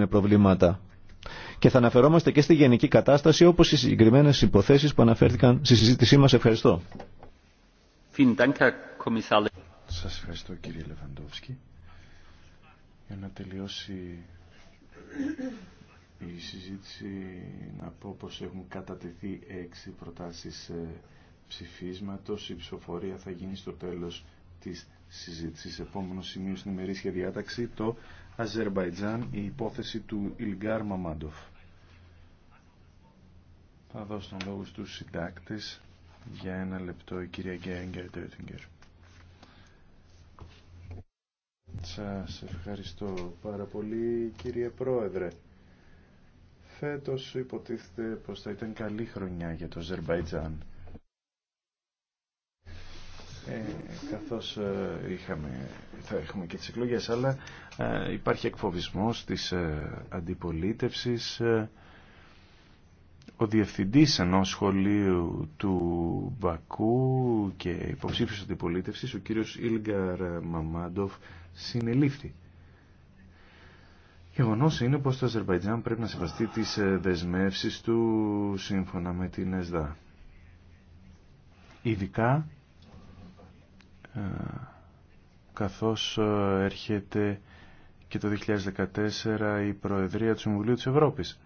υπάρχουν προβλήματα. Και θα αναφερόμαστε και στη γενική κατάσταση όπως οι συγκεκριμένε υποθέσεις που αναφέρθηκαν στη συζήτησή μας. Ευχαριστώ. Σας ευχαριστώ κύριε Λεβαντόφσκι. Για να τελειώσει η συζήτηση να πω πως έχουν κατατεθεί έξι προτάσεις ε, ψηφίσματος. Η ψηφοφορία θα γίνει στο τέλος της συζήτησης. Επόμενο σημείο στην ημερήσια διάταξη το Αζερμπαϊτζάν η υπόθεση του Ιλγκάρ Μαμάντοφ. Θα δώσω τον λόγο στους συντάκτες για ένα λεπτό η κυρία Γκέγκερ Σα Σας ευχαριστώ πάρα πολύ κύριε Πρόεδρε. Φέτος υποτίθεται πως θα ήταν καλή χρονιά για το Αζερμπαϊτζάν ε, καθώς ε, είχαμε, θα έχουμε και τις εκλογές, αλλά ε, υπάρχει εκφοβισμός της ε, αντιπολίτευσης. Ε. Ο διευθυντής ενός σχολείου του Μπακού και υποψήφιος αντιπολίτευσης, ο κύριος Ιλγκαρ Μαμάντοφ, συνελήφθη. Γεγονό είναι πως το Αζερβαϊτζάν πρέπει να σεβαστεί τις δεσμεύσεις του σύμφωνα με την ΕΣΔΑ. Ειδικά ε, καθώς ε, έρχεται και το 2014 η Προεδρία του Συμβουλίου της Ευρώπης.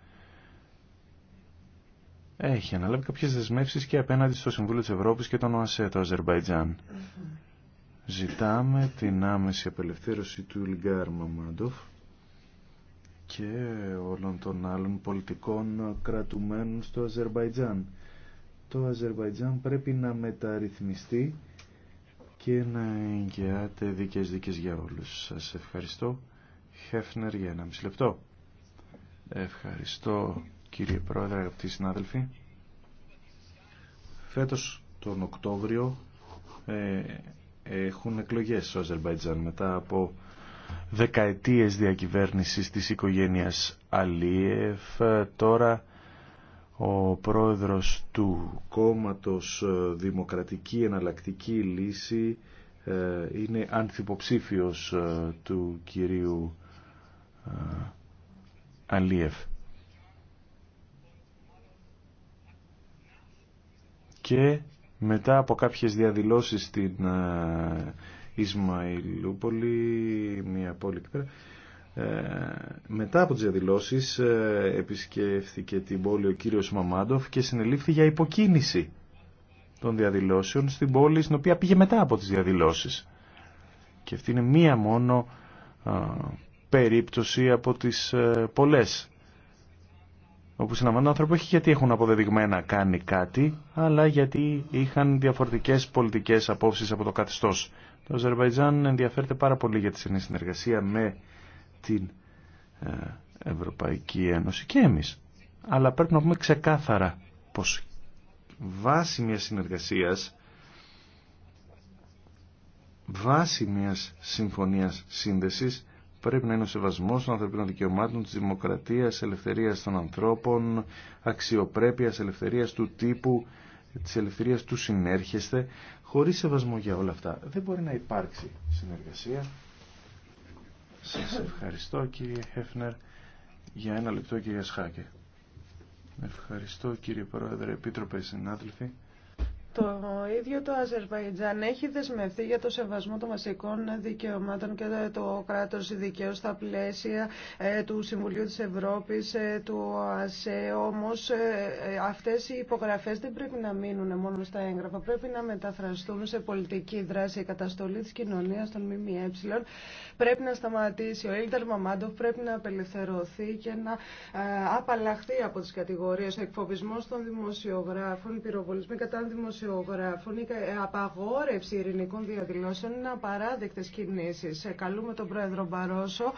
Έχει αναλάβει κάποιες δεσμεύσεις και απέναντι στο Συμβούλιο της Ευρώπης και τον ΟΑΣΕ, το Αζερβαϊτζάν. Ζητάμε την άμεση απελευθέρωση του Ιλγκάρ Μαμάντοφ και όλων των άλλων πολιτικών κρατουμένων στο Αζερβαϊτζάν. Το Αζερβαϊτζάν πρέπει να μεταρρυθμιστεί και να εγγυάτε δίκες δίκες για όλους. Σας ευχαριστώ. Χέφνερ για ένα μισή λεπτό. Ευχαριστώ κύριε Πρόεδρε, αγαπητοί συνάδελφοι. Φέτος τον Οκτώβριο ε, έχουν εκλογές στο Αζερμπαϊτζάν μετά από δεκαετίες διακυβέρνησης της οικογένειας Αλίεφ. Ε, τώρα ο πρόεδρος του κόμματος ε, Δημοκρατική Εναλλακτική Λύση ε, είναι ανθυποψήφιος ε, του κυρίου Αλίεφ. Και μετά από κάποιες διαδηλώσεις στην Ισμαϊλούπολη, μια πόλη πέρα, ε, μετά από τις διαδηλώσεις ε, επισκέφθηκε την πόλη ο κύριος Μαμάντοφ και συνελήφθη για υποκίνηση των διαδηλώσεων στην πόλη στην οποία πήγε μετά από τις διαδηλώσεις. Και αυτή είναι μία μόνο περίπτωση από τις ε, πολλές όπου συναμβάνουν άνθρωποι όχι γιατί έχουν αποδεδειγμένα κάνει κάτι, αλλά γιατί είχαν διαφορετικές πολιτικές απόψεις από το καθεστώς. Το Αζερβαϊτζάν ενδιαφέρεται πάρα πολύ για τη συνεργασία με την ε, Ευρωπαϊκή Ένωση και εμείς. Αλλά πρέπει να πούμε ξεκάθαρα πως βάση μιας συνεργασίας, βάση μιας συμφωνίας σύνδεσης, πρέπει να είναι ο σεβασμός των ανθρωπίνων δικαιωμάτων, της δημοκρατίας, ελευθερίας των ανθρώπων, αξιοπρέπειας, ελευθερίας του τύπου, της ελευθερίας του συνέρχεστε. Χωρίς σεβασμό για όλα αυτά δεν μπορεί να υπάρξει συνεργασία σας ευχαριστώ κύριε Χέφνερ. Για ένα λεπτό κύριε Σχάκε. Ευχαριστώ κύριε Πρόεδρε, Επίτροπε, συνάδελφοι. Το ίδιο το Αζερβαϊτζάν έχει δεσμευτεί για το σεβασμό των βασικών δικαιωμάτων και το κράτος δικαίου στα πλαίσια ε, του Συμβουλίου της Ευρώπης, ε, του ΟΑΣΕ. Όμως ε, αυτές οι υπογραφές δεν πρέπει να μείνουν μόνο στα έγγραφα. Πρέπει να μεταφραστούν σε πολιτική δράση η καταστολή τη κοινωνία των ΜΜΕ πρέπει να σταματήσει. Ο Έλταρ Μαμάντοφ πρέπει να απελευθερωθεί και να ε, απαλλαχθεί από τις κατηγορίες. Ο εκφοβισμό των δημοσιογράφων, οι πυροβολισμοί κατά δημοσιογράφων, η ε, απαγόρευση ειρηνικών διαδηλώσεων είναι κινήσει. κινήσεις. Ε, καλούμε τον Πρόεδρο Μπαρόσο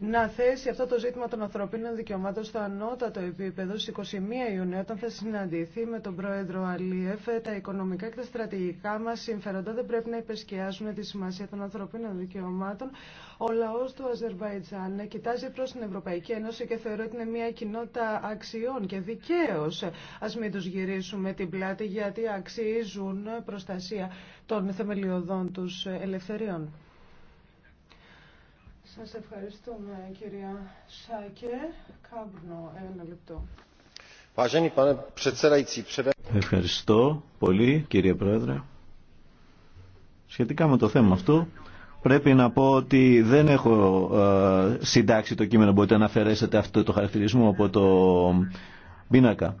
να θέσει αυτό το ζήτημα των ανθρωπίνων δικαιωμάτων στο ανώτατο επίπεδο στις 21 Ιουνίου όταν θα συναντηθεί με τον Πρόεδρο Αλίεφ. Τα οικονομικά και τα στρατηγικά μα συμφέροντα δεν πρέπει να υπεσκιάζουν τη σημασία των ανθρωπίνων δικαιωμάτων. Ο λαό του Αζερβαϊτζάν κοιτάζει προ την Ευρωπαϊκή Ένωση και θεωρεί ότι είναι μια κοινότητα αξιών και δικαίω. α μην του γυρίσουμε την πλάτη γιατί αξίζουν προστασία των θεμελιωδών του ελευθεριών. Σας ευχαριστούμε κυρία Σάκε. Κάμπνο, ένα λεπτό. Ευχαριστώ πολύ κύριε Πρόεδρε. Σχετικά με το θέμα αυτό, πρέπει να πω ότι δεν έχω ε, συντάξει το κείμενο. Μπορείτε να αφαιρέσετε αυτό το χαρακτηρισμό από το πίνακα.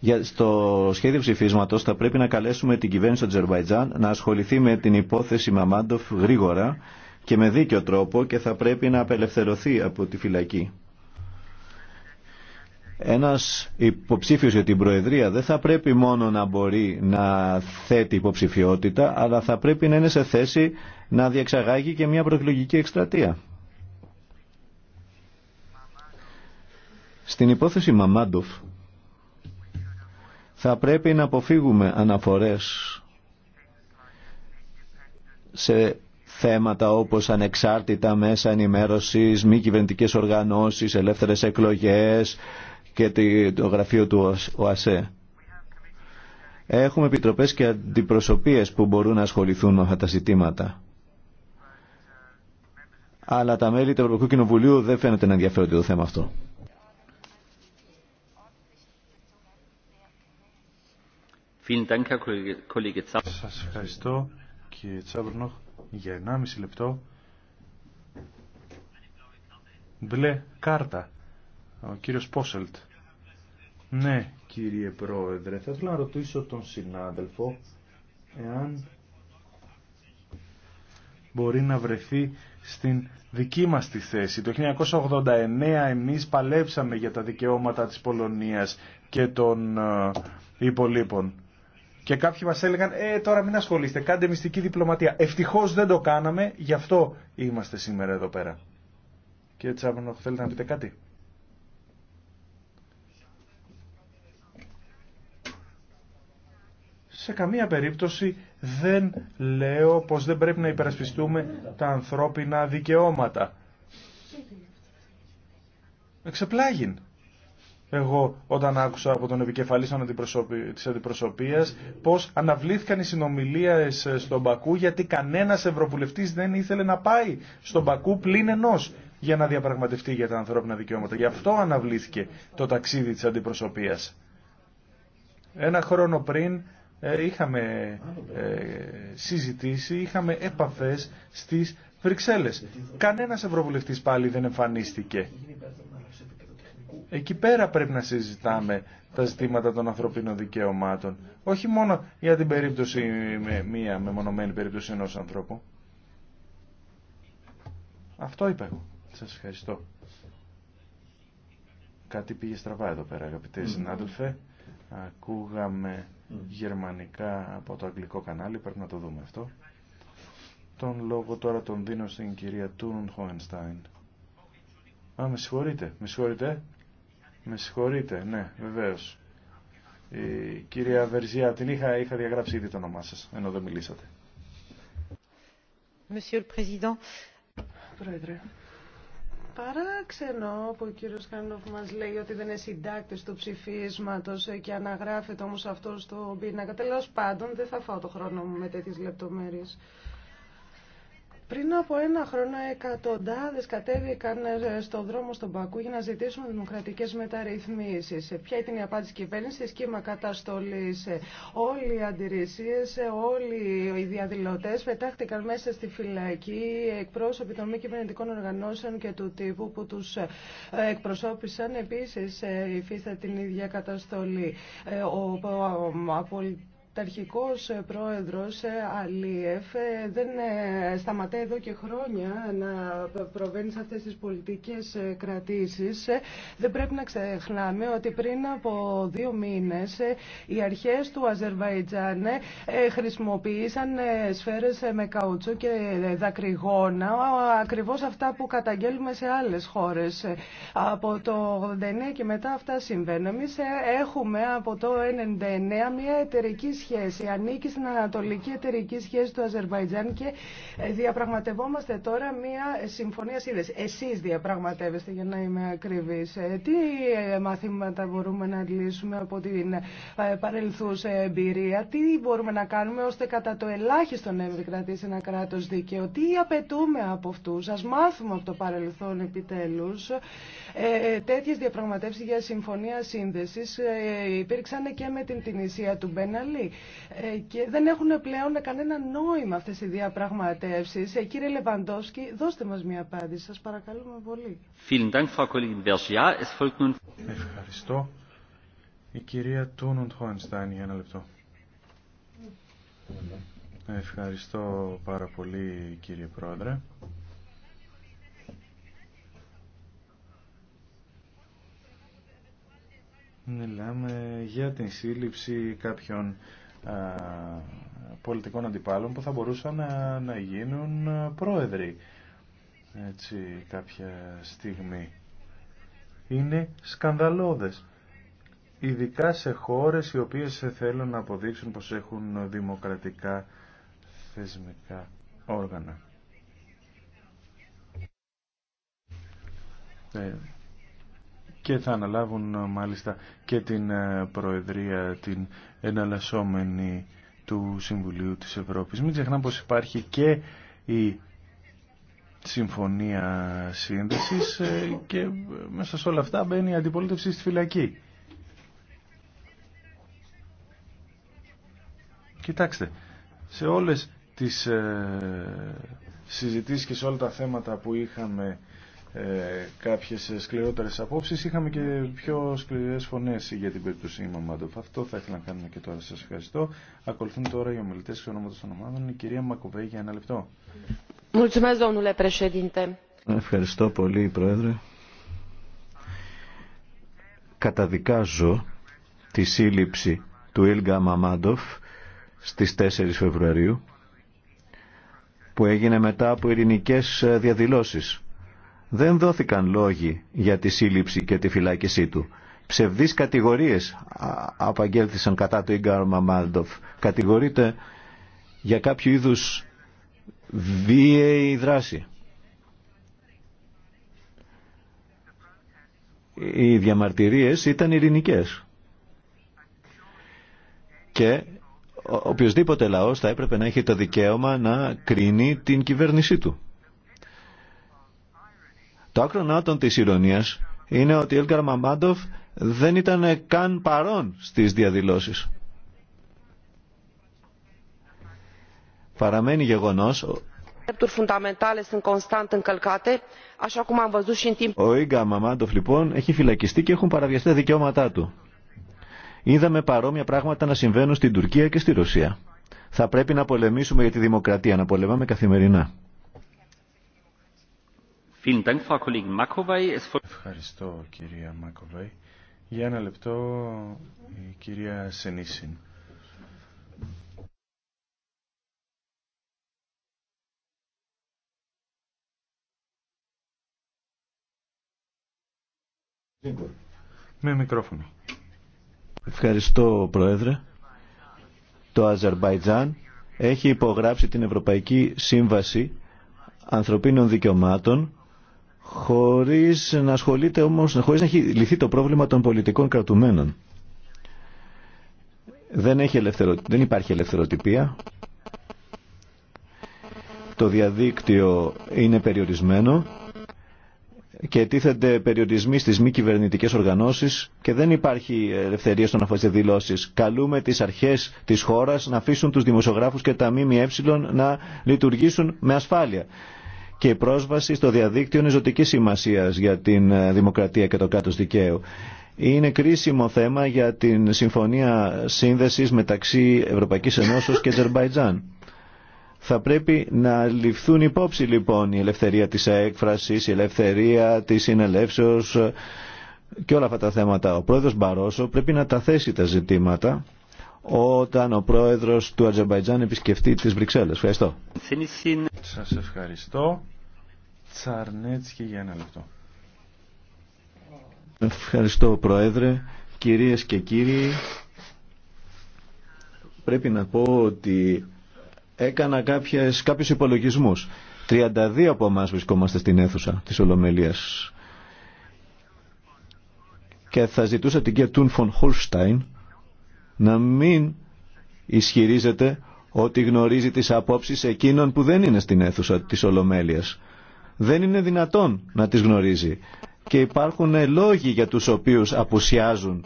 Για, στο σχέδιο ψηφίσματο θα πρέπει να καλέσουμε την κυβέρνηση του Τζερβαϊτζάν να ασχοληθεί με την υπόθεση Μαμάντοφ γρήγορα και με δίκιο τρόπο και θα πρέπει να απελευθερωθεί από τη φυλακή. Ένας υποψήφιος για την Προεδρία δεν θα πρέπει μόνο να μπορεί να θέτει υποψηφιότητα, αλλά θα πρέπει να είναι σε θέση να διεξαγάγει και μια προεκλογική εκστρατεία. Στην υπόθεση Μαμάντοφ θα πρέπει να αποφύγουμε αναφορές σε θέματα όπως ανεξάρτητα μέσα ενημέρωσης, μη κυβερνητικέ οργανώσεις, ελεύθερες εκλογές και το γραφείο του ΟΑΣΕ. Έχουμε επιτροπές και αντιπροσωπείες που μπορούν να ασχοληθούν με αυτά τα ζητήματα. Αλλά τα μέλη του Ευρωπαϊκού Κοινοβουλίου δεν φαίνεται να ενδιαφέρονται το θέμα αυτό. ευχαριστώ για 1,5 λεπτό. Μπλε κάρτα. Ο κύριος Πόσελτ. Ναι, κύριε Πρόεδρε, θα ήθελα να ρωτήσω τον συνάδελφο εάν μπορεί να βρεθεί στην δική μας τη θέση. Το 1989 εμείς παλέψαμε για τα δικαιώματα της Πολωνίας και των ε, υπολείπων. Και κάποιοι μας έλεγαν, ε, τώρα μην ασχολείστε, κάντε μυστική διπλωματία. Ευτυχώ δεν το κάναμε, γι' αυτό είμαστε σήμερα εδώ πέρα. έτσι, Τσάβανο, θέλετε να πείτε κάτι. σε καμία περίπτωση δεν λέω πως δεν πρέπει να υπερασπιστούμε τα ανθρώπινα δικαιώματα. Εξεπλάγιν εγώ όταν άκουσα από τον επικεφαλή τη αντιπροσωπείας πως αναβλήθηκαν οι συνομιλίε ε, στον Πακού γιατί κανένας ευρωβουλευτή δεν ήθελε να πάει στον Πακού πλην ενός για να διαπραγματευτεί για τα ανθρώπινα δικαιώματα. Γι' αυτό αναβλήθηκε το ταξίδι της αντιπροσωπείας. Ένα χρόνο πριν ε, είχαμε ε, συζητήσει, είχαμε επαφές στις Βρυξέλλες. Κανένας ευρωβουλευτής πάλι δεν εμφανίστηκε. Εκεί πέρα πρέπει να συζητάμε τα ζητήματα των ανθρωπίνων δικαιωμάτων. Όχι μόνο για την περίπτωση, με μία μεμονωμένη περίπτωση ενός ανθρώπου. Αυτό είπα εγώ. Σας ευχαριστώ. Κάτι πήγε στραβά εδώ πέρα αγαπητέ συνάδελφε. Ακούγαμε γερμανικά από το αγγλικό κανάλι, πρέπει να το δούμε αυτό. Τον λόγο τώρα τον δίνω στην κυρία Τούρν Χόενστάιν. Α, με συγχωρείτε, με συγχωρείτε. Με συγχωρείτε, ναι, βεβαίω. Η κυρία Βερζιά, την είχα, είχα διαγράψει ήδη το όνομά σα, ενώ δεν μιλήσατε. Monsieur le Président. Πρόεδρε. Παράξενο που ο κύριος Κανόφ μας λέει ότι δεν είναι συντάκτης του ψηφίσματος και αναγράφεται όμως αυτό στο πίνακα. Τέλος πάντων δεν θα φάω το χρόνο μου με τέτοιες λεπτομέρειες. Πριν από ένα χρόνο εκατοντάδε κατέβηκαν ε, στον δρόμο στον Πακού για να ζητήσουν δημοκρατικέ μεταρρυθμίσει. Ε, ποια ήταν η απάντηση της κυβέρνησης, σχήμα καταστολής. Ε, όλοι οι αντιρρησίε, όλοι οι διαδηλωτέ πετάχτηκαν μέσα στη φυλακή, εκπρόσωποι των μη κυβερνητικών οργανώσεων και του τύπου που του εκπροσώπησαν Επίση υφίστα την ίδια καταστολή αυταρχικός ε, πρόεδρος ε, Αλίεφ ε, δεν σταματάει εδώ και χρόνια να προβαίνει σε αυτές τις πολιτικές κρατήσεις. Δεν πρέπει να ξεχνάμε ότι πριν από δύο μήνες οι αρχές του Αζερβαϊτζάν χρησιμοποίησαν σφαίρες με καουτσού και δακρυγόνα, ακριβώς αυτά που καταγγέλουμε σε άλλες χώρες. Από το 89 και μετά αυτά συμβαίνουν. έχουμε από το 99 μια εταιρική σχέση σχέση. Ανήκει στην ανατολική εταιρική σχέση του Αζερβαϊτζάν και ε, διαπραγματευόμαστε τώρα μία ε, συμφωνία σύνδεση. Εσεί διαπραγματεύεστε, για να είμαι ακριβή. Ε, τι μαθήματα μπορούμε να λύσουμε από την παρελθούσα εμπειρία, τι μπορούμε να κάνουμε ώστε κατά το ελάχιστο να επικρατήσει ένα κράτο δίκαιο, τι απαιτούμε από αυτού. Α μάθουμε από το παρελθόν επιτέλου. Τέτοιε διαπραγματεύσει για συμφωνία σύνδεση υπήρξαν και με την Τινησία του Μπέναλη. Ε, και δεν έχουν πλέον κανένα νόημα αυτές οι διαπραγματεύσεις. Ε, κύριε Λεβαντόσκι, δώστε μας μια απάντηση. Σας παρακαλούμε πολύ. Ευχαριστώ. Η κυρία Τούνοντ για ένα λεπτό. Ευχαριστώ πάρα πολύ κύριε Πρόεδρε. Μιλάμε για την σύλληψη κάποιων ε, πολιτικών αντιπάλων που θα μπορούσαν ε, να, γίνουν ε, πρόεδροι έτσι κάποια στιγμή. Είναι σκανδαλώδες. Ειδικά σε χώρες οι οποίες θέλουν να αποδείξουν πως έχουν δημοκρατικά θεσμικά όργανα. και θα αναλάβουν μάλιστα και την Προεδρία την εναλλασσόμενη του Συμβουλίου της Ευρώπης. Μην ξεχνάμε πως υπάρχει και η συμφωνία σύνδεσης ε, και μέσα σε όλα αυτά μπαίνει η αντιπολίτευση στη φυλακή. Κοιτάξτε, σε όλες τις ε, συζητήσεις και σε όλα τα θέματα που είχαμε ε, κάποιες σκληρότερες απόψεις. Είχαμε και πιο σκληρές φωνές για την περίπτωση Μαμάντοφ. Αυτό θα ήθελα να κάνουμε και τώρα. Σας ευχαριστώ. Ακολουθούν τώρα οι ομιλητές ονόματος των ομάδων. Η κυρία Μακοβέη για ένα λεπτό. Ευχαριστώ πολύ, Πρόεδρε. Καταδικάζω τη σύλληψη του Ιλγκα Μαμάντοφ στις 4 Φεβρουαρίου που έγινε μετά από ειρηνικές διαδηλώσεις δεν δόθηκαν λόγοι για τη σύλληψη και τη φυλάκισή του. Ψευδείς κατηγορίες απαγγέλθησαν κατά του Ίγκαρ Μαμάλντοφ. Κατηγορείται για κάποιο είδους βίαιη δράση. Οι διαμαρτυρίες ήταν ειρηνικές. Και οποιοδήποτε λαός θα έπρεπε να έχει το δικαίωμα να κρίνει την κυβέρνησή του. Το άκρο νάτων της ηρωνίας είναι ότι ο Έλγκαρ Μαμάντοφ δεν ήταν καν παρόν στις διαδηλώσεις. Παραμένει γεγονός Ο Ίγκα Μαμάντοφ λοιπόν έχει φυλακιστεί και έχουν παραβιαστεί τα δικαιώματά του. Είδαμε παρόμοια πράγματα να συμβαίνουν στην Τουρκία και στη Ρωσία. Θα πρέπει να πολεμήσουμε για τη δημοκρατία, να πολεμάμε καθημερινά. Ευχαριστώ κυρία Μάκοβαϊ. Για ένα λεπτό η κυρία Σενίσιν. Με μικρόφωνο. Ευχαριστώ Πρόεδρε. Το Αζερβαϊτζάν έχει υπογράψει την Ευρωπαϊκή Σύμβαση Ανθρωπίνων Δικαιωμάτων χωρίς να ασχολείται όμως, χωρίς να έχει λυθεί το πρόβλημα των πολιτικών κρατουμένων. Δεν, έχει ελευθερο, δεν υπάρχει ελευθεροτυπία. Το διαδίκτυο είναι περιορισμένο και τίθενται περιορισμοί στις μη κυβερνητικές οργανώσεις και δεν υπάρχει ελευθερία στον αφορά δηλώσει. Καλούμε τις αρχές της χώρας να αφήσουν τους δημοσιογράφους και τα ΜΜΕ να λειτουργήσουν με ασφάλεια και η πρόσβαση στο διαδίκτυο είναι ζωτική σημασία για την ε, δημοκρατία και το κράτο δικαίου. Είναι κρίσιμο θέμα για την συμφωνία σύνδεση μεταξύ Ευρωπαϊκή Ενώσεω και Αζερβαϊτζάν. Θα πρέπει να ληφθούν υπόψη λοιπόν η ελευθερία της έκφρασης, η ελευθερία της συνελεύσεως και όλα αυτά τα θέματα. Ο πρόεδρος Μπαρόσο πρέπει να τα θέσει τα ζητήματα όταν ο πρόεδρος του Αζερμπαϊτζάν επισκεφτεί τις Βρυξέλλες. Ευχαριστώ. Σας ευχαριστώ. Τσαρνέτσκι για ένα λεπτό. Ευχαριστώ Πρόεδρε. Κυρίες και κύριοι, πρέπει να πω ότι έκανα κάποιες, κάποιους υπολογισμούς. 32 από εμά βρισκόμαστε στην αίθουσα της Ολομελίας. Και θα ζητούσα την κυρία Τούν Φον να μην ισχυρίζεται ότι γνωρίζει τις απόψεις εκείνων που δεν είναι στην αίθουσα της Ολομέλειας. Δεν είναι δυνατόν να τις γνωρίζει. Και υπάρχουν λόγοι για τους οποίους απουσιάζουν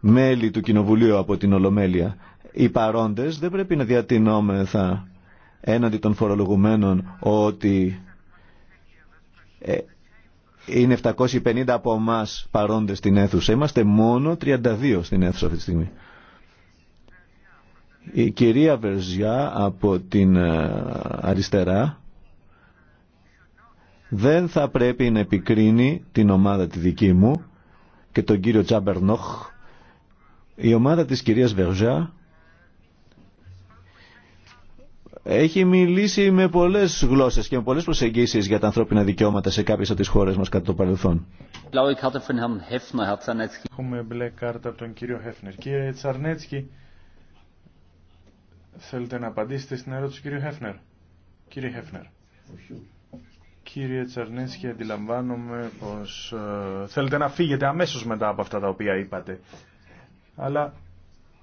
μέλη του Κοινοβουλίου από την Ολομέλεια. Οι παρόντες δεν πρέπει να διατηνόμεθα έναντι των φορολογουμένων ότι ε, είναι 750 από εμά παρόντες στην αίθουσα. Είμαστε μόνο 32 στην αίθουσα αυτή τη στιγμή. Η κυρία Βερζιά από την ε, αριστερά δεν θα πρέπει να επικρίνει την ομάδα τη δική μου και τον κύριο Τζάμπερνοχ. Η ομάδα της κυρίας Βερζιά έχει μιλήσει με πολλές γλώσσες και με πολλές προσεγγίσεις για τα ανθρώπινα δικαιώματα σε κάποιες από τις χώρες μας κατά το παρελθόν. Έχουμε μπλε κάρτα από τον κύριο Χέφνερ. Κύριε Τσαρνέτσκι, Θέλετε να απαντήσετε στην ερώτηση του κύριου Χέφνερ. Κύριε Χέφνερ. Κύριε Τσαρνέσκη, αντιλαμβάνομαι πως ε, θέλετε να φύγετε αμέσως μετά από αυτά τα οποία είπατε. Αλλά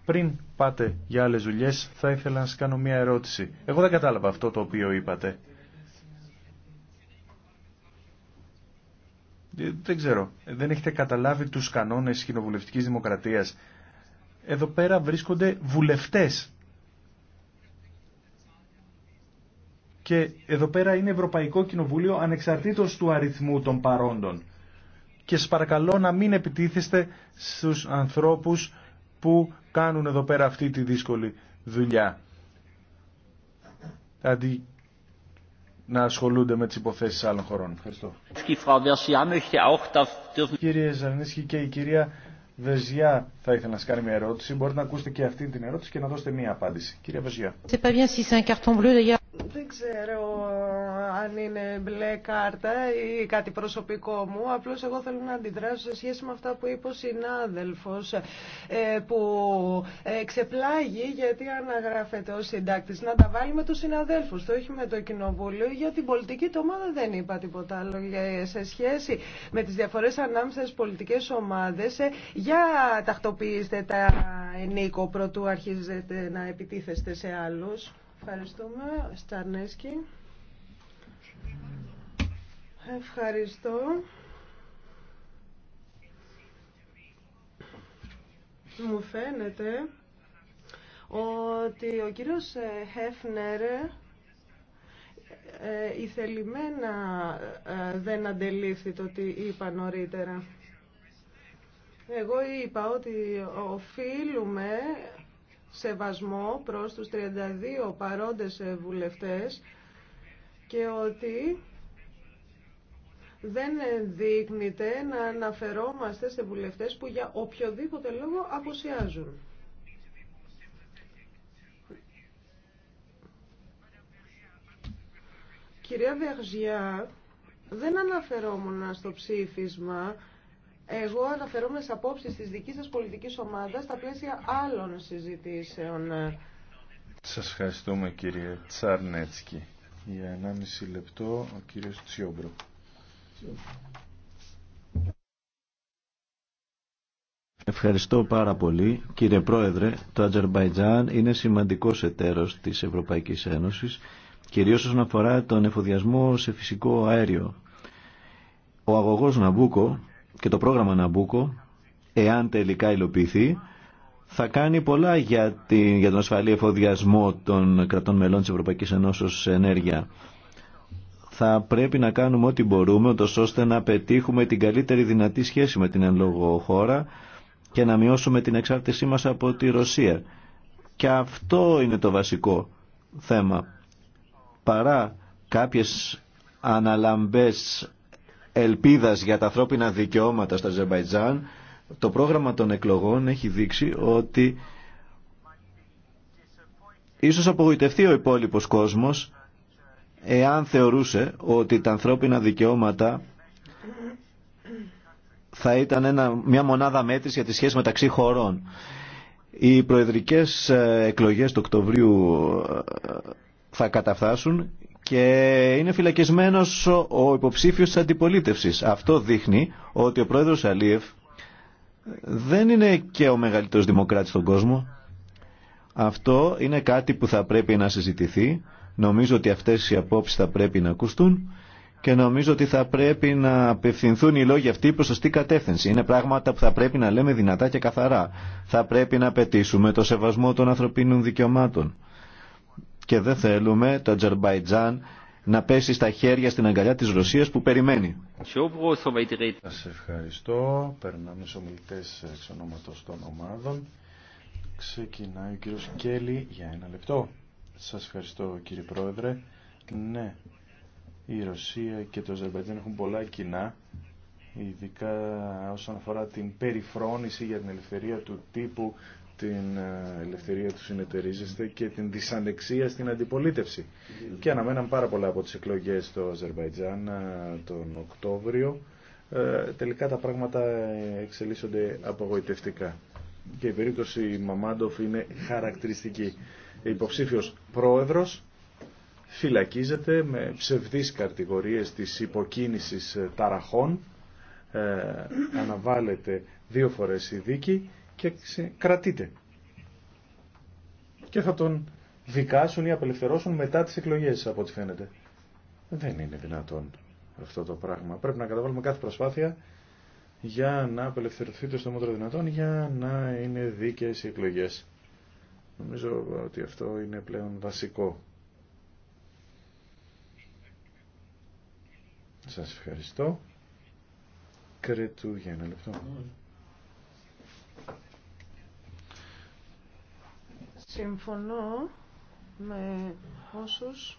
πριν πάτε για άλλες δουλειέ, θα ήθελα να σας κάνω μια ερώτηση. Εγώ δεν κατάλαβα αυτό το οποίο είπατε. Ε, δεν ξέρω. Δεν έχετε καταλάβει τους κανόνες κοινοβουλευτικής δημοκρατίας. Εδώ πέρα βρίσκονται βουλευτές Και εδώ πέρα είναι Ευρωπαϊκό Κοινοβούλιο ανεξαρτήτως του αριθμού των παρόντων. Και σας παρακαλώ να μην επιτίθεστε στους ανθρώπους που κάνουν εδώ πέρα αυτή τη δύσκολη δουλειά. Αντί να ασχολούνται με τις υποθέσεις άλλων χωρών. Ευχαριστώ. Κύριε Ζαρνίσκη και η κυρία Βεζιά θα ήθελα να σας κάνει μια ερώτηση. Μπορείτε να ακούσετε και αυτή την ερώτηση και να δώσετε μια απάντηση. Κύριε Βεζιά. Δεν ξέρω αν είναι μπλε κάρτα ή κάτι προσωπικό μου. Απλώς εγώ θέλω να αντιδράσω σε σχέση με αυτά που είπε ο συνάδελφος ε, που ε, ξεπλάγει γιατί αναγράφεται ο συντάκτης. Να τα βάλει με τους συναδέλφους, το έχει με το κοινοβούλιο. Για την πολιτική το ομάδα δεν είπα τίποτα άλλο. Σε σχέση με τις διαφορές ανάμεσα πολιτικές ομάδες, ε, για τακτοποιήστε τα ενίκο πρωτού αρχίζετε να επιτίθεστε σε άλλους. Ευχαριστούμε. Στανέσκι. Ευχαριστώ. Μου φαίνεται ότι ο κύριος ε, Χέφνερ ε, ηθελημένα ε, δεν αντελήφθη το τι είπα νωρίτερα. Εγώ είπα ότι οφείλουμε σεβασμό προς τους 32 παρόντες ε, βουλευτές και ότι δεν ενδείκνυται να αναφερόμαστε σε βουλευτές που για οποιοδήποτε λόγο αποσιάζουν. Κυρία Βεργιά, δεν αναφερόμουν στο ψήφισμα εγώ αναφερόμαι στι απόψεις της δικής σας πολιτικής ομάδας στα πλαίσια άλλων συζητήσεων. Σας ευχαριστούμε κύριε Τσαρνέτσκι. Για 1,5 λεπτό ο κύριο Τσιόμπρο. Ευχαριστώ πάρα πολύ. Κύριε Πρόεδρε, το Αζερμπαϊτζάν είναι σημαντικός εταίρος της Ευρωπαϊκής Ένωσης, κυρίως όσον αφορά τον εφοδιασμό σε φυσικό αέριο. Ο αγωγός Ναμπούκο και το πρόγραμμα Ναμπούκο, εάν τελικά υλοποιηθεί, θα κάνει πολλά για, την, για τον ασφαλή εφοδιασμό των κρατών μελών της Ευρωπαϊκής Ενώσεως ενέργεια. Θα πρέπει να κάνουμε ό,τι μπορούμε, ώστε να πετύχουμε την καλύτερη δυνατή σχέση με την εν λόγω χώρα και να μειώσουμε την εξάρτησή μας από τη Ρωσία. Και αυτό είναι το βασικό θέμα. Παρά κάποιες αναλαμπές ελπίδας για τα ανθρώπινα δικαιώματα στο Αζερβαϊτζάν, το πρόγραμμα των εκλογών έχει δείξει ότι ίσως απογοητευτεί ο υπόλοιπος κόσμος εάν θεωρούσε ότι τα ανθρώπινα δικαιώματα θα ήταν ένα, μια μονάδα μέτρηση για τη σχέση μεταξύ χωρών. Οι προεδρικές ε, εκλογές του Οκτωβρίου ε, θα καταφτάσουν και είναι φυλακισμένος ο υποψήφιος της αντιπολίτευσης. Αυτό δείχνει ότι ο πρόεδρος Αλίεφ δεν είναι και ο μεγαλύτερος δημοκράτης στον κόσμο. Αυτό είναι κάτι που θα πρέπει να συζητηθεί. Νομίζω ότι αυτές οι απόψεις θα πρέπει να ακουστούν και νομίζω ότι θα πρέπει να απευθυνθούν οι λόγοι αυτοί προς σωστή κατεύθυνση. Είναι πράγματα που θα πρέπει να λέμε δυνατά και καθαρά. Θα πρέπει να απαιτήσουμε το σεβασμό των ανθρωπίνων δικαιωμάτων και δεν θέλουμε το Τζερμπαϊτζάν να πέσει στα χέρια στην αγκαλιά της Ρωσίας που περιμένει. Σας ευχαριστώ. Περνάμε στους ομιλητές εξ ονόματος των ομάδων. Ξεκινάει ο κύριος Κέλλη για ένα λεπτό. Σας ευχαριστώ κύριε Πρόεδρε. Ναι, η Ρωσία και το Αζερβαϊτζάν έχουν πολλά κοινά, ειδικά όσον αφορά την περιφρόνηση για την ελευθερία του τύπου, την ε, ελευθερία του συνεταιρίζεστε και την δυσανεξία στην αντιπολίτευση. Και αναμέναν πάρα πολλά από τις εκλογές στο Αζερβαϊτζάν ε, τον Οκτώβριο. Ε, τελικά τα πράγματα ε, εξελίσσονται απογοητευτικά. Και η περίπτωση Μαμάντοφ είναι χαρακτηριστική. Υποψήφιος πρόεδρος φυλακίζεται με ψευδείς κατηγορίες της υποκίνησης ταραχών. Ε, αναβάλλεται δύο φορές η δίκη και κρατήτε Και θα τον δικάσουν ή απελευθερώσουν μετά τις εκλογές από ό,τι φαίνεται. Δεν είναι δυνατόν αυτό το πράγμα. Πρέπει να καταβάλουμε κάθε προσπάθεια για να απελευθερωθεί το στομότερο δυνατόν, για να είναι δίκαιες οι εκλογές. Νομίζω ότι αυτό είναι πλέον βασικό. Σας ευχαριστώ. Κρετού για ένα λεπτό. Συμφωνώ με όσους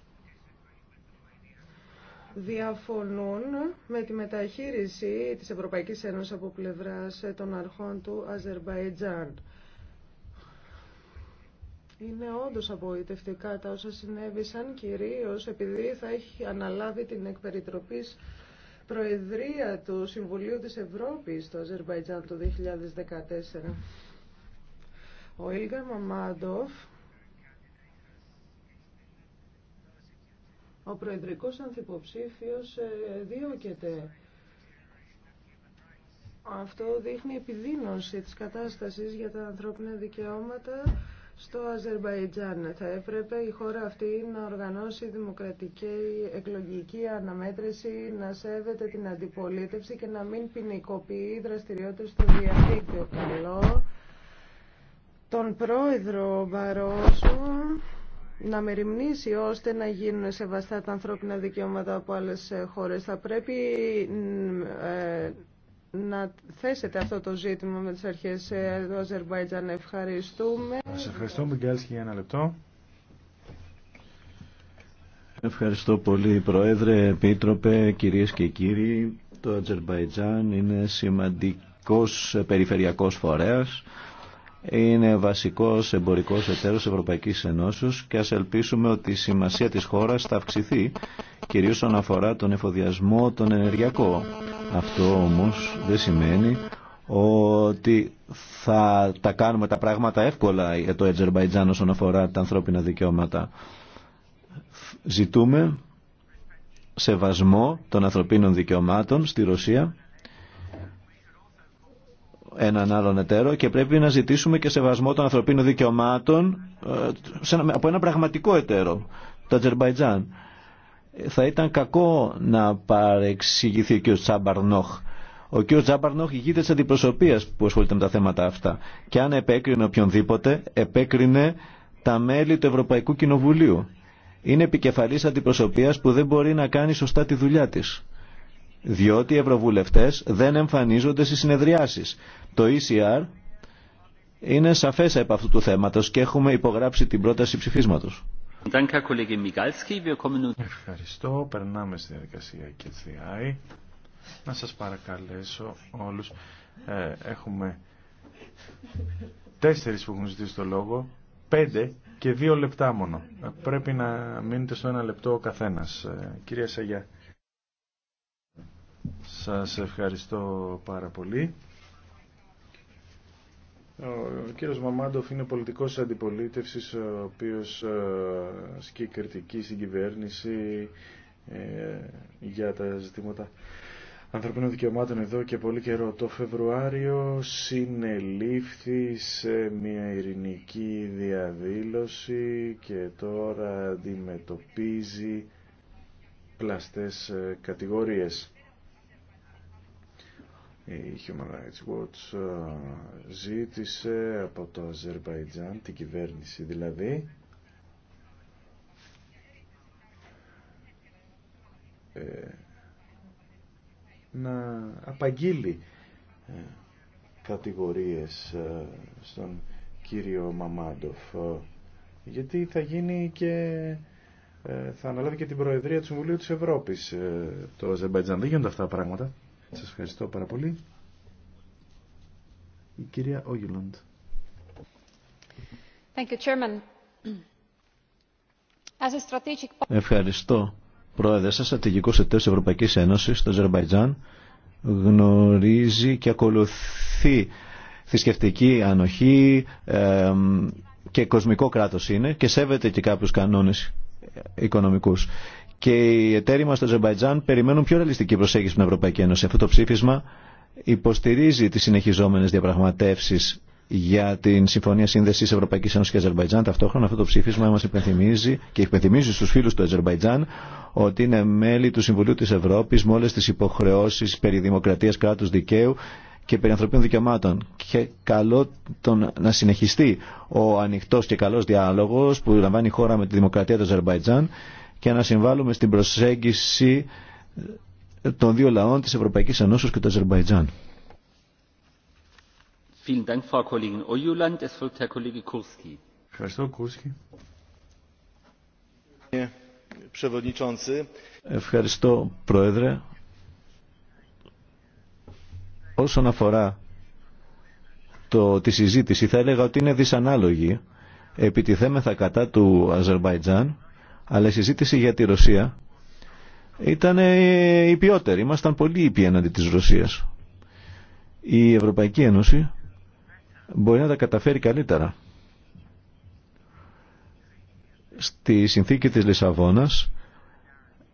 διαφωνούν με τη μεταχείριση της Ευρωπαϊκής Ένωσης από πλευράς των αρχών του Αζερβαϊτζάν. Είναι όντως απογοητευτικά τα όσα συνέβησαν, κυρίως επειδή θα έχει αναλάβει την εκπεριτροπής Προεδρία του Συμβουλίου της Ευρώπης στο Αζερβαϊτζάν το 2014. Ο Ήλγαρ Μαμάντοφ, ο προεδρικός ανθυποψήφιος, ε, δίωκεται. Αυτό δείχνει επιδείνωση της κατάστασης για τα ανθρώπινα δικαιώματα στο Αζερβαϊτζάν. Θα έπρεπε η χώρα αυτή να οργανώσει δημοκρατική εκλογική αναμέτρηση, να σέβεται την αντιπολίτευση και να μην ποινικοποιεί δραστηριότητες στο διαδίκτυο. Καλό τον πρόεδρο Μπαρόσο να μεριμνήσει ώστε να γίνουν σεβαστά τα ανθρώπινα δικαιώματα από άλλες χώρες. Θα πρέπει ε, να θέσετε αυτό το ζήτημα με τις αρχές του ε, Αζερβαϊτζάν. Ευχαριστούμε. Σας ευχαριστώ και για ένα λεπτό. Ευχαριστώ πολύ Πρόεδρε, Επίτροπε, κυρίες και κύριοι. Το Αζερβαϊτζάν είναι σημαντικός περιφερειακός φορέας είναι βασικός εμπορικός εταίρος Ευρωπαϊκής Ενώσεω και ας ελπίσουμε ότι η σημασία της χώρας θα αυξηθεί, κυρίως όσον αφορά τον εφοδιασμό τον ενεργειακό. Αυτό όμως δεν σημαίνει ότι θα τα κάνουμε τα πράγματα εύκολα για το Ετζερμπαϊτζάν όσον αφορά τα ανθρώπινα δικαιώματα. Ζητούμε σεβασμό των ανθρωπίνων δικαιωμάτων στη Ρωσία έναν άλλον εταίρο και πρέπει να ζητήσουμε και σεβασμό των ανθρωπίνων δικαιωμάτων ε, από ένα πραγματικό εταίρο, το Τζερμπαϊτζάν Θα ήταν κακό να παρεξηγηθεί ο κ. Τσάμπαρνοχ. Ο κ. Τζάμπαρνοχ ηγείται τη αντιπροσωπεία που ασχολείται με τα θέματα αυτά. Και αν επέκρινε οποιονδήποτε, επέκρινε τα μέλη του Ευρωπαϊκού Κοινοβουλίου. Είναι επικεφαλής αντιπροσωπείας που δεν μπορεί να κάνει σωστά τη δουλειά της διότι οι ευρωβουλευτές δεν εμφανίζονται στις συνεδριάσεις. Το ECR είναι σαφές από αυτού του θέματος και έχουμε υπογράψει την πρόταση ψηφίσματος. Ευχαριστώ. Περνάμε στη διαδικασία και Να σας παρακαλέσω όλους. Ε, έχουμε τέσσερις που έχουν ζητήσει το λόγο, πέντε και δύο λεπτά μόνο. Πρέπει να μείνετε στο ένα λεπτό ο καθένας. Ε, κυρία Σαγιά. Σας ευχαριστώ πάρα πολύ. Ο κύριος Μαμάντοφ είναι πολιτικός αντιπολίτευσης, ο οποίος ε, ασκεί κριτική στην κυβέρνηση ε, για τα ζητήματα ανθρωπίνων δικαιωμάτων εδώ και πολύ καιρό. Το Φεβρουάριο συνελήφθη σε μια ειρηνική διαδήλωση και τώρα αντιμετωπίζει πλαστές ε, κατηγορίες η Human Rights Watch ε, ζήτησε από το Αζερβαϊτζάν, την κυβέρνηση δηλαδή, ε, να απαγγείλει ε, κατηγορίες στον κύριο Μαμάντοφ γιατί θα γίνει και θα αναλάβει και την Προεδρία του Συμβουλίου της Ευρώπης το Αζερβαϊτζάν. Δεν γίνονται αυτά τα πράγματα. Σας ευχαριστώ πάρα πολύ. Η κυρία Όγιλοντ. Ευχαριστώ. Πρόεδρε, σαν στρατηγικό εταίρο τη Ευρωπαϊκή Ένωση, το Αζερβαϊτζάν γνωρίζει και ακολουθεί θρησκευτική ανοχή και κοσμικό κράτο είναι και σέβεται και κάποιου κανόνες οικονομικούς και οι εταίροι μα στο Αζερβαϊτζάν περιμένουν πιο ρεαλιστική προσέγγιση στην Ευρωπαϊκή Ένωση. Αυτό το ψήφισμα υποστηρίζει τι συνεχιζόμενε διαπραγματεύσει για την Συμφωνία Σύνδεση Ευρωπαϊκή Ένωση και Αζερβαϊτζάν. Ταυτόχρονα αυτό το ψήφισμα μα υπενθυμίζει και υπενθυμίζει στου φίλου του Αζερβαϊτζάν ότι είναι μέλη του Συμβουλίου τη Ευρώπη με όλε τι υποχρεώσει περί δημοκρατία, κράτου δικαίου και περί ανθρωπίνων δικαιωμάτων. Και καλό τον να συνεχιστεί ο ανοιχτό και καλό διάλογο που λαμβάνει η χώρα με τη δημοκρατία του Αζερβαϊτζάν για να συμβάλλουμε στην προσέγγιση των δύο λαών της Ευρωπαϊκής Ενώσεως και του Αζερμπαϊτζάν. Ευχαριστώ, Πρόεδρε. Όσον αφορά το, τη συζήτηση, θα έλεγα ότι είναι δυσανάλογη επιτιθέμεθα κατά του Αζερβαϊτζάν αλλά η συζήτηση για τη Ρωσία ήταν υπιότερη. Ε, Ήμασταν πολύ ήπιοι εναντί της Ρωσίας. Η Ευρωπαϊκή Ένωση μπορεί να τα καταφέρει καλύτερα. Στη συνθήκη της Λισαβόνας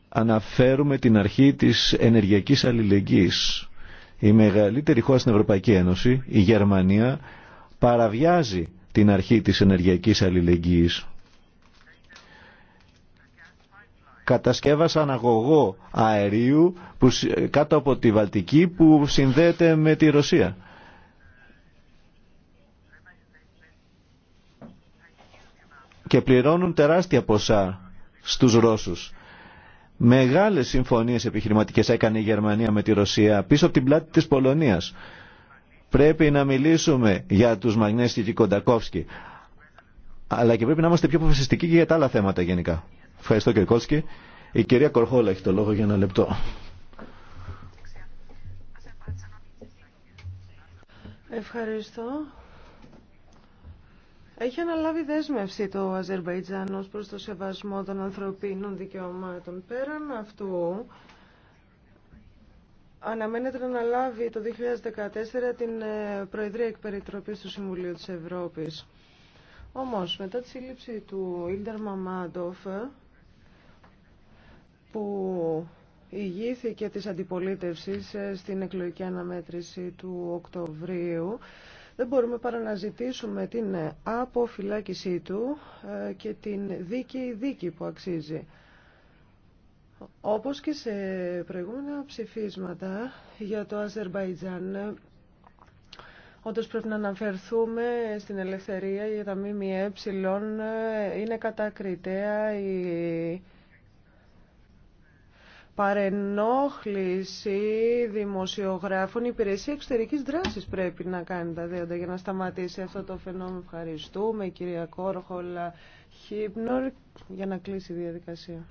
αναφέρουμε την αρχή της ενεργειακής αλληλεγγύης. Η μεγαλύτερη χώρα στην Ευρωπαϊκή Ένωση, η Γερμανία, παραβιάζει την αρχή της ενεργειακής αλληλεγγύης. κατασκεύασαν αγωγό αερίου που, κάτω από τη Βαλτική που συνδέεται με τη Ρωσία. Και πληρώνουν τεράστια ποσά στους Ρώσους. Μεγάλες συμφωνίες επιχειρηματικές έκανε η Γερμανία με τη Ρωσία πίσω από την πλάτη της Πολωνίας. Πρέπει να μιλήσουμε για τους Μαγνέσκι και Κοντακόφσκι. Αλλά και πρέπει να είμαστε πιο αποφασιστικοί και για τα άλλα θέματα γενικά. Ευχαριστώ κύριε Κόσκι. Η κυρία Κορχόλα έχει το λόγο για ένα λεπτό. Ευχαριστώ. Έχει αναλάβει δέσμευση το Αζερβαϊτζάν ως προς το σεβασμό των ανθρωπίνων δικαιωμάτων. Πέραν αυτού, αναμένεται να αναλάβει το 2014 την ε, Προεδρία Εκπεριτροπής του Συμβουλίου της Ευρώπης. Όμως, μετά τη σύλληψη του Ιλντερ Μαμάντοφ, που ηγήθηκε της αντιπολίτευσης ε, στην εκλογική αναμέτρηση του Οκτωβρίου. Δεν μπορούμε παρά να ζητήσουμε την αποφυλάκησή του ε, και την δίκαιη δίκη που αξίζει. Όπως και σε προηγούμενα ψηφίσματα για το Αζερβαϊτζάν, ε, όντως πρέπει να αναφερθούμε στην ελευθερία για τα ΜΜΕ, είναι κατακριτέα η παρενόχληση δημοσιογράφων, υπηρεσία εξωτερικής δράσης πρέπει να κάνει τα δέοντα για να σταματήσει αυτό το φαινόμενο. Ευχαριστούμε κυρία Κόρχολα Χίπνορ για να κλείσει η διαδικασία.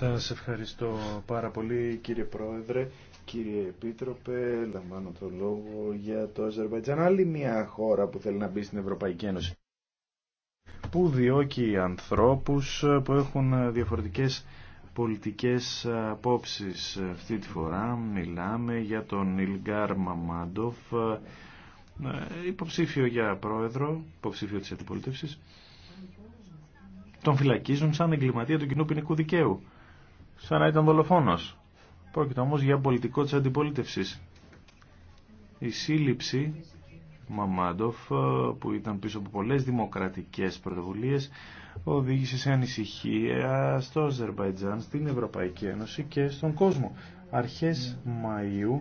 Σας ευχαριστώ πάρα πολύ κύριε Πρόεδρε, κύριε Επίτροπε, λαμβάνω το λόγο για το Αζερβαϊτζάν, άλλη μια χώρα που θέλει να μπει στην Ευρωπαϊκή Ένωση που διώκει ανθρώπους που έχουν διαφορετικές πολιτικές απόψεις. Αυτή τη φορά μιλάμε για τον Ιλγκάρ Μαμάντοφ, υποψήφιο για πρόεδρο, υποψήφιο της αντιπολίτευσης. Τον φυλακίζουν σαν εγκληματία του κοινού ποινικού δικαίου, σαν να ήταν δολοφόνος. Πρόκειται όμως για πολιτικό της αντιπολίτευσης. Η σύλληψη Μαμάντοφ ε, που ήταν πίσω από πολλές δημοκρατικές πρωτοβουλίες οδήγησε σε ανησυχία στο Αζερβαϊτζάν, στην Ευρωπαϊκή Ένωση και στον κόσμο. Αρχές Μαΐου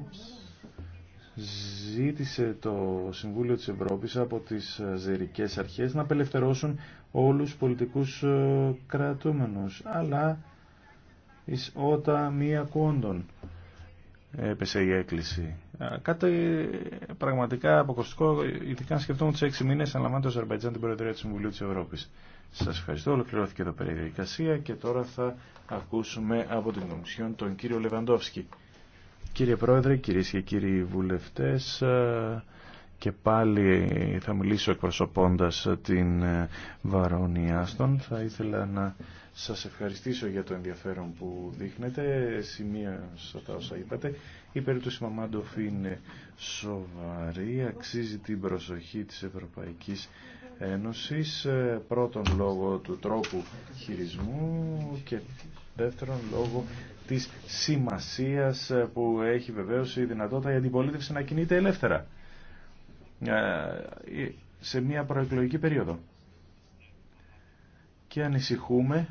ζήτησε το Συμβούλιο της Ευρώπης από τις ζερικές αρχές να απελευθερώσουν όλους τους πολιτικούς ε, κρατούμενους, αλλά εις ότα μία κόντων έπεσε η έκκληση ε, κάτι πραγματικά αποκοστικό, ειδικά σκεφτόμουν του έξι μήνε, αναλαμβάνει το Αζερβαϊτζάν την Προεδρία του Συμβουλίου τη Ευρώπη. Σα ευχαριστώ. Ολοκληρώθηκε εδώ πέρα η διαδικασία και τώρα θα ακούσουμε από την Κομισιόν τον κύριο Λεβαντόφσκι. Κύριε Πρόεδρε, κυρίε και κύριοι βουλευτέ, ε, και πάλι θα μιλήσω εκπροσωπώντας την ε, Βαρόνια Θα ήθελα να σας ευχαριστήσω για το ενδιαφέρον που δείχνετε. Σημεία τα όσα είπατε. Η περίπτωση Μαμάντοφ είναι σοβαρή, αξίζει την προσοχή της Ευρωπαϊκής Ένωσης. Ε, πρώτον λόγω του τρόπου χειρισμού και δεύτερον λόγω της σημασίας που έχει βεβαίως η δυνατότητα η αντιπολίτευση να κινείται ελεύθερα. Ε, ε, σε μια προεκλογική περίοδο. Και ανησυχούμε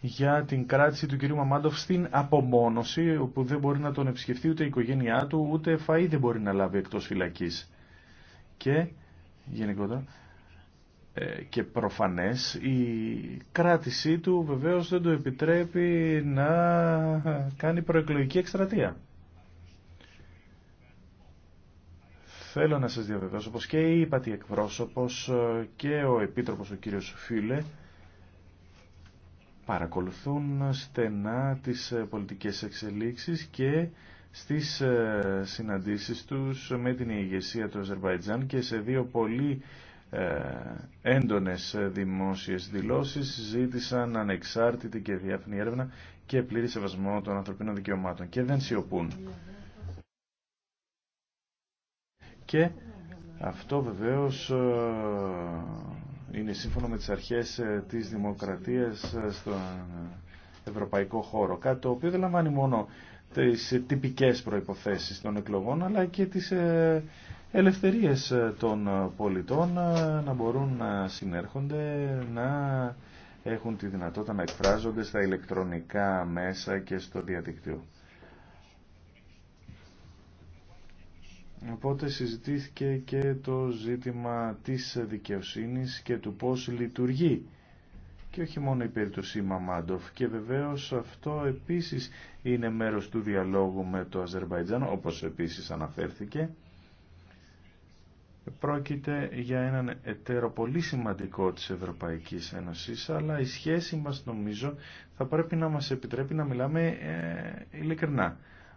για την κράτηση του κυρίου Μαμάντοφ στην απομόνωση, όπου δεν μπορεί να τον επισκεφτεί ούτε η οικογένειά του, ούτε φαΐ δεν μπορεί να λάβει εκτός φυλακής. Και, γενικότερα, ε, και προφανές η κράτησή του βεβαίως δεν του επιτρέπει να κάνει προεκλογική εκστρατεία. Θέλω να σας διαβεβαιώσω πως και η υπατή εκπρόσωπος ε, και ο επίτροπος ο κύριος Φίλε παρακολουθούν στενά τις ε, πολιτικές εξελίξεις και στις ε, συναντήσεις τους με την ηγεσία του Αζερβαϊτζάν και σε δύο πολύ έντονες δημόσιες δηλώσεις ζήτησαν ανεξάρτητη και διάφνη έρευνα και πλήρη σεβασμό των ανθρωπίνων δικαιωμάτων και δεν σιωπούν. Ναι, ναι και αυτό βεβαίως ε, είναι σύμφωνο με τις αρχές ε, της δημοκρατίας ε, στον ευρωπαϊκό χώρο. Κάτι το οποίο δεν λαμβάνει μόνο τις τυπικές προϋποθέσεις των εκλογών αλλά και τις ελευθερίες των πολιτών να μπορούν να συνέρχονται, να έχουν τη δυνατότητα να εκφράζονται στα ηλεκτρονικά μέσα και στο διαδικτύο. Οπότε συζητήθηκε και το ζήτημα της δικαιοσύνης και του πώς λειτουργεί και όχι μόνο η περίπτωση Μαμάντοφ και βεβαίως αυτό επίσης είναι μέρος του διαλόγου με το Αζερβαϊτζάν όπως επίσης αναφέρθηκε πρόκειται για έναν εταίρο πολύ σημαντικό της Ευρωπαϊκής Ένωσης αλλά η σχέση μας νομίζω θα πρέπει να μας επιτρέπει να μιλάμε ε, ειλικρινά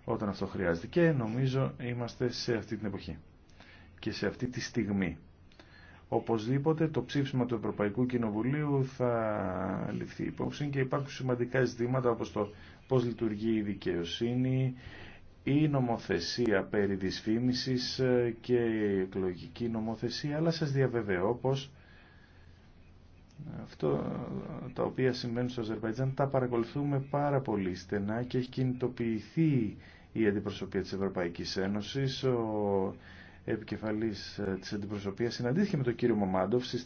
όταν αυτό χρειάζεται. Και νομίζω είμαστε σε αυτή την εποχή και σε αυτή τη στιγμή. Οπωσδήποτε το ψήφισμα του Ευρωπαϊκού Κοινοβουλίου θα ληφθεί υπόψη και υπάρχουν σημαντικά ζητήματα όπως το πώς λειτουργεί η δικαιοσύνη, η νομοθεσία περί δυσφήμισης και η εκλογική νομοθεσία, αλλά σας διαβεβαιώ πως αυτό τα οποία συμβαίνουν στο Αζερβαϊτζάν τα παρακολουθούμε πάρα πολύ στενά και έχει κινητοποιηθεί η αντιπροσωπεία της Ευρωπαϊκής Ένωσης. Ο επικεφαλής ε, της αντιπροσωπείας συναντήθηκε με τον κύριο Μαμάντοφ στις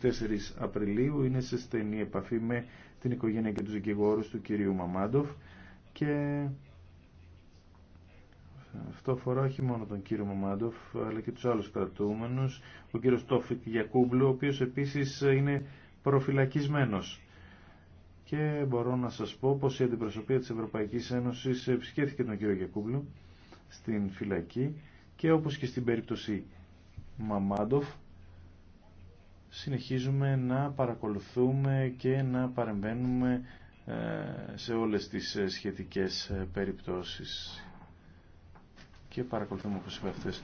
4 Απριλίου. Είναι σε στενή επαφή με την οικογένεια και τους δικηγόρους του κυρίου Μαμάντοφ και αυτό αφορά όχι μόνο τον κύριο Μαμάντοφ αλλά και τους άλλους κρατούμενους, ο κύριος Τόφικ Γιακούμπλου, ο οποίος επίσης ε, είναι προφυλακισμένος και μπορώ να σας πω πως η αντιπροσωπεία της Ευρωπαϊκής Ένωσης επισκέφθηκε τον κύριο Γιακούμπλου στην φυλακή και όπως και στην περίπτωση Μαμάντοφ συνεχίζουμε να παρακολουθούμε και να παρεμβαίνουμε ε, σε όλες τις ε, σχετικές ε, περιπτώσεις και παρακολουθούμε όπως είπα αυτές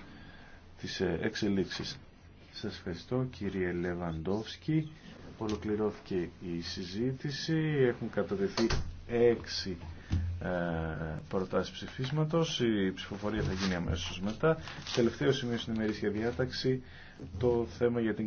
τις εξελίξεις. Σας ευχαριστώ κύριε Λεβαντόφσκι ολοκληρώθηκε η συζήτηση. Έχουν κατατεθεί έξι ε, προτάσεις ψηφίσματος. Η ψηφοφορία θα γίνει αμέσως μετά. Τελευταίο σημείο στην ημερήσια διάταξη το θέμα για την